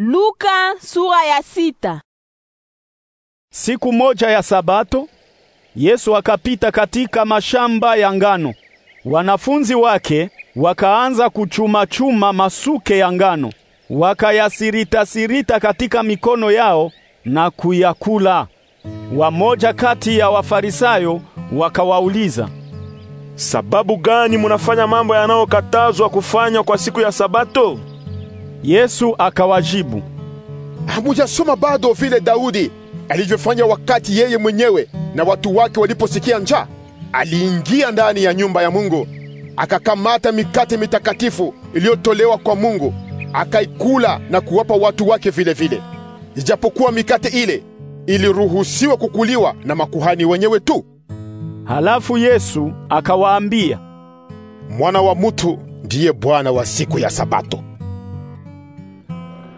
Luka sura ya sita. Siku moja ya Sabato, Yesu akapita katika mashamba ya ngano. Wanafunzi wake wakaanza kuchuma-chuma masuke ya ngano, wakayasirita-sirita katika mikono yao na kuyakula. Wamoja kati ya Wafarisayo wakawauliza, sababu gani munafanya mambo yanayokatazwa kufanywa kwa siku ya Sabato? Yesu akawajibu, hamujasoma bado vile Daudi alivyofanya wakati yeye mwenyewe na watu wake waliposikia njaa? Aliingia ndani ya nyumba ya Mungu akakamata mikate mitakatifu iliyotolewa kwa Mungu akaikula na kuwapa watu wake vile vile. Ijapokuwa mikate ile iliruhusiwa kukuliwa na makuhani wenyewe tu. Halafu Yesu akawaambia, Mwana wa mutu ndiye Bwana wa siku ya Sabato.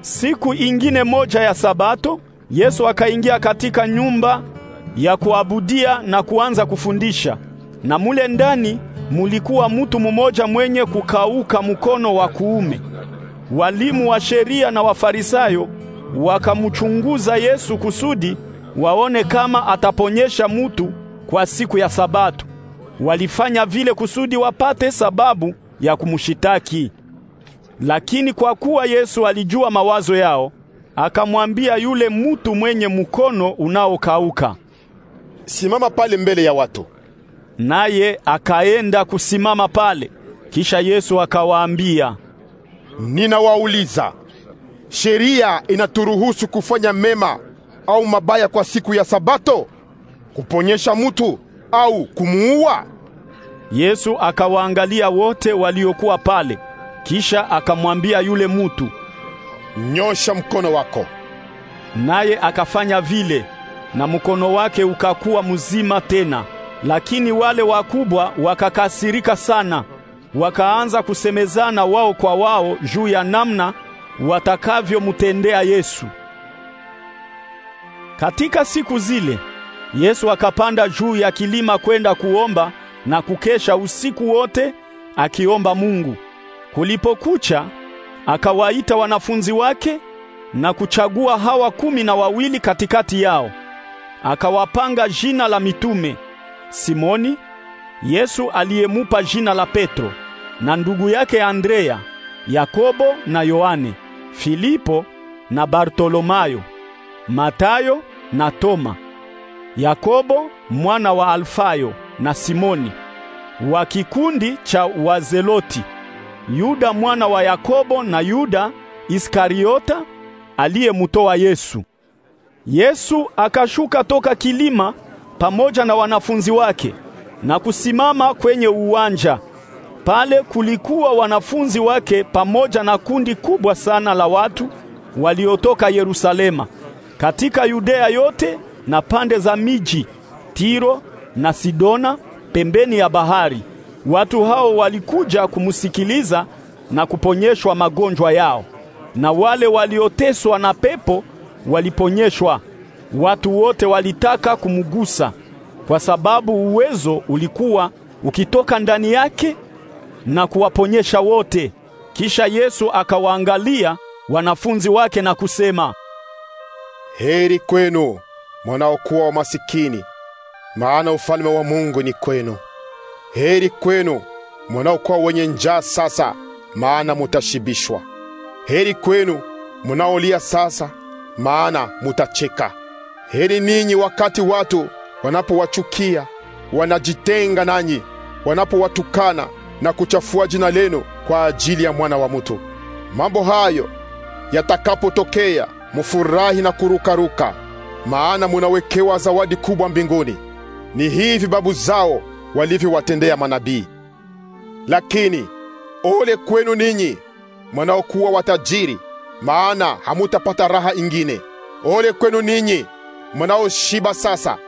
Siku ingine moja ya Sabato, Yesu akaingia katika nyumba ya kuabudia na kuanza kufundisha. Na mule ndani mulikuwa mutu mmoja mwenye kukauka mkono wa kuume. Walimu wa sheria na Wafarisayo wakamchunguza Yesu kusudi waone kama ataponyesha mutu kwa siku ya Sabato. Walifanya vile kusudi wapate sababu ya kumshitaki. Lakini kwa kuwa Yesu alijua mawazo yao, akamwambia yule mutu mwenye mkono unaokauka, simama pale mbele ya watu. Naye akaenda kusimama pale. Kisha Yesu akawaambia, ninawauliza, sheria inaturuhusu kufanya mema au mabaya kwa siku ya Sabato? Kuponyesha mutu au kumuua? Yesu akawaangalia wote waliokuwa pale, kisha akamwambia yule mutu, nyosha mkono wako. Naye akafanya vile, na mkono wake ukakuwa mzima tena. Lakini wale wakubwa wakakasirika sana, wakaanza kusemezana wao kwa wao juu ya namna watakavyomtendea Yesu. Katika siku zile Yesu akapanda juu ya kilima kwenda kuomba na kukesha usiku wote akiomba Mungu. Kulipokucha, akawaita wanafunzi wake na kuchagua hawa kumi na wawili katikati yao, akawapanga jina la mitume: Simoni, Yesu aliyemupa jina la Petro, na ndugu yake Andrea, Yakobo na Yohane, Filipo na Bartolomayo, Matayo na Toma, Yakobo mwana wa Alfayo na Simoni wa kikundi cha Wazeloti. Yuda mwana wa Yakobo na Yuda Iskariota aliyemtoa Yesu. Yesu akashuka toka kilima pamoja na wanafunzi wake na kusimama kwenye uwanja. Pale kulikuwa wanafunzi wake pamoja na kundi kubwa sana la watu waliotoka Yerusalema, katika Yudea yote na pande za miji Tiro na Sidona pembeni ya bahari. Watu hao walikuja kumusikiliza na kuponyeshwa magonjwa yao, na wale walioteswa na pepo waliponyeshwa. Watu wote walitaka kumugusa kwa sababu uwezo ulikuwa ukitoka ndani yake na kuwaponyesha wote. Kisha Yesu akawaangalia wanafunzi wake na kusema, heri kwenu mwanaokuwa wa masikini, maana ufalme wa Mungu ni kwenu. Heri kwenu munaokuwa wenye njaa sasa, maana mutashibishwa. Heri kwenu munaolia sasa, maana mutacheka. Heri ninyi wakati watu wanapowachukia, wanajitenga nanyi, wanapowatukana na kuchafua jina lenu kwa ajili ya mwana wa mtu. Mambo hayo yatakapotokea, mufurahi na kurukaruka, maana munawekewa zawadi kubwa mbinguni. Ni hivi babu zao walivyowatendea manabii. Lakini ole kwenu ninyi mwanaokuwa watajiri, maana hamutapata raha ingine. Ole kwenu ninyi mnaoshiba sasa,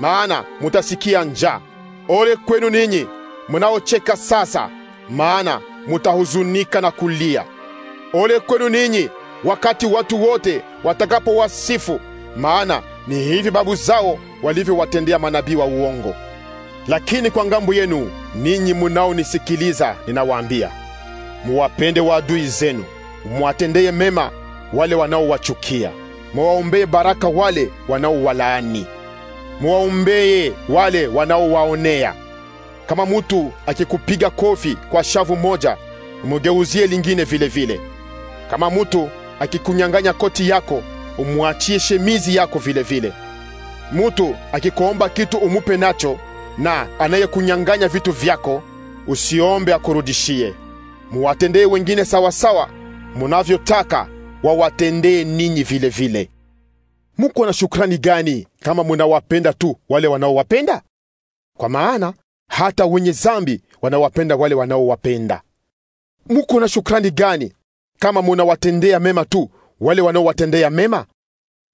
maana mutasikia njaa. Ole kwenu ninyi mnaocheka sasa, maana mutahuzunika na kulia. Ole kwenu ninyi wakati watu wote watakapowasifu, maana ni hivi babu zao walivyowatendea manabii wa uongo. Lakini kwa ngambo yenu ninyi munaonisikiliza, ninawaambia muwapende waadui zenu, muwatendeye mema wale wanaowachukia, muwaombee baraka wale wanaowalaani, muwaombeye wale wanaowaonea. Kama mutu akikupiga kofi kwa shavu moja, umugeuzie lingine vilevile vile. Kama mutu akikunyang'anya koti yako, umwachie shemizi yako vilevile vile. Mutu akikuomba kitu umupe nacho na anayekunyang'anya vitu vyako usiombe akurudishie. Muwatendee wengine sawasawa munavyotaka wawatendee ninyi vile vile. Muko na shukrani gani kama munawapenda tu wale wanaowapenda? Kwa maana hata wenye zambi wanawapenda wale wanaowapenda. Muko na shukrani gani kama munawatendea mema tu wale wanaowatendea mema?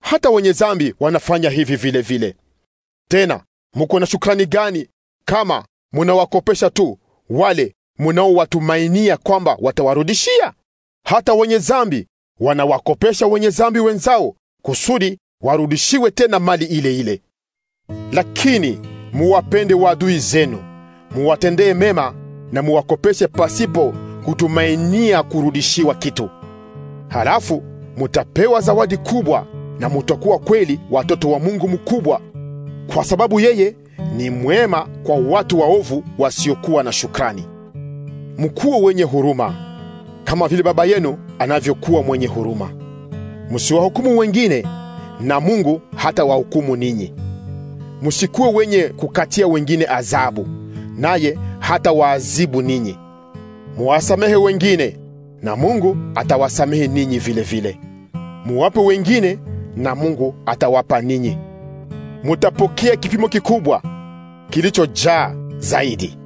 Hata wenye zambi wanafanya hivi vile vile. Tena muko na shukrani gani kama munawakopesha tu wale munaowatumainia kwamba watawarudishia? Hata wenye zambi wanawakopesha wenye zambi wenzao kusudi warudishiwe tena mali ile ile. Lakini muwapende waadui zenu, muwatendee mema na muwakopeshe pasipo kutumainia kurudishiwa kitu. Halafu mutapewa zawadi kubwa na mutakuwa kweli watoto wa Mungu mkubwa kwa sababu yeye ni mwema kwa watu waovu wasiokuwa na shukrani. Mkuu wenye huruma kama vile Baba yenu anavyokuwa mwenye huruma. Msiwahukumu wengine na Mungu hata wahukumu ninyi. Msikuwe wenye kukatia wengine adhabu, naye hata waadhibu ninyi. Muwasamehe wengine na Mungu atawasamehe ninyi vile vile. Muwape wengine na Mungu atawapa ninyi mutapokea kipimo kikubwa kilichojaa zaidi,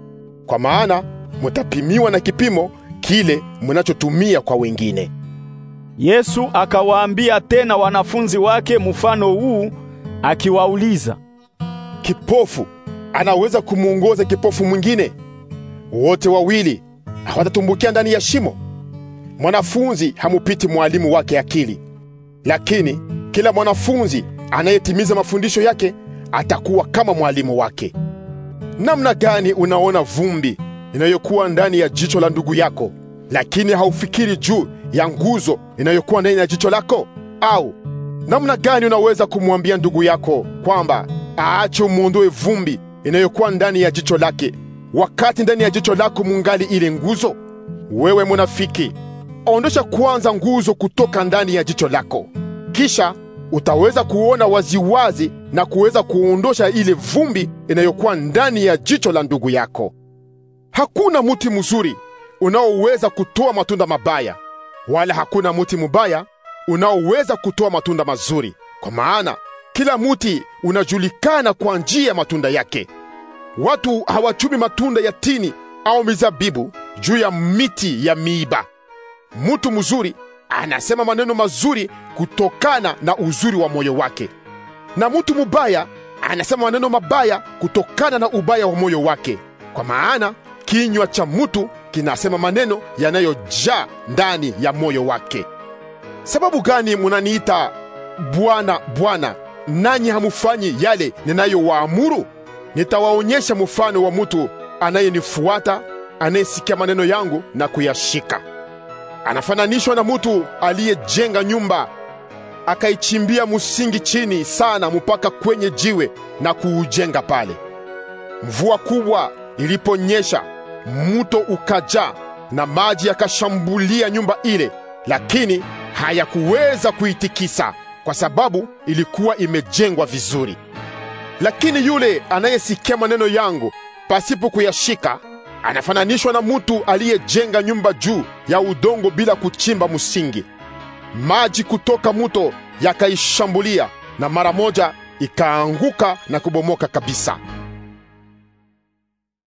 kwa maana mutapimiwa na kipimo kile munachotumia kwa wengine. Yesu akawaambia tena wanafunzi wake mfano huu akiwauliza, kipofu anaweza kumuongoza kipofu mwingine? Wote wawili hawatatumbukia ndani ya shimo? Mwanafunzi hamupiti mwalimu wake akili, lakini kila mwanafunzi anayetimiza mafundisho yake atakuwa kama mwalimu wake. Namna gani unaona vumbi inayokuwa ndani ya jicho la ndugu yako, lakini haufikiri juu ya nguzo inayokuwa ndani ya jicho lako? Au namna gani unaweza kumwambia ndugu yako kwamba aache umwondoe vumbi inayokuwa ndani ya jicho lake, wakati ndani ya jicho lako mungali ile nguzo? Wewe munafiki, ondosha kwanza nguzo kutoka ndani ya jicho lako, kisha utaweza kuona waziwazi na kuweza kuondosha ile vumbi inayokuwa ndani ya jicho la ndugu yako. Hakuna muti mzuri unaoweza kutoa matunda mabaya, wala hakuna muti mubaya unaoweza kutoa matunda mazuri, kwa maana kila muti unajulikana kwa njia ya matunda yake. Watu hawachumi matunda ya tini au mizabibu juu ya miti ya miiba. Mtu mzuri anasema maneno mazuri kutokana na uzuri wa moyo wake, na mtu mubaya anasema maneno mabaya kutokana na ubaya wa moyo wake, kwa maana kinywa cha mtu kinasema maneno yanayojaa ndani ya moyo wake. Sababu gani munaniita Bwana, Bwana, nanyi hamufanyi yale ninayowaamuru? Nitawaonyesha mfano wa mtu anayenifuata, anayesikia maneno yangu na kuyashika. Anafananishwa na mutu aliyejenga nyumba akaichimbia msingi chini sana mpaka kwenye jiwe na kuujenga pale. Mvua kubwa iliponyesha, mto ukajaa na maji yakashambulia nyumba ile, lakini hayakuweza kuitikisa kwa sababu ilikuwa imejengwa vizuri. Lakini yule anayesikia maneno yangu pasipo kuyashika anafananishwa na mutu aliyejenga nyumba juu ya udongo bila kuchimba msingi. Maji kutoka muto yakaishambulia, na mara moja ikaanguka na kubomoka kabisa.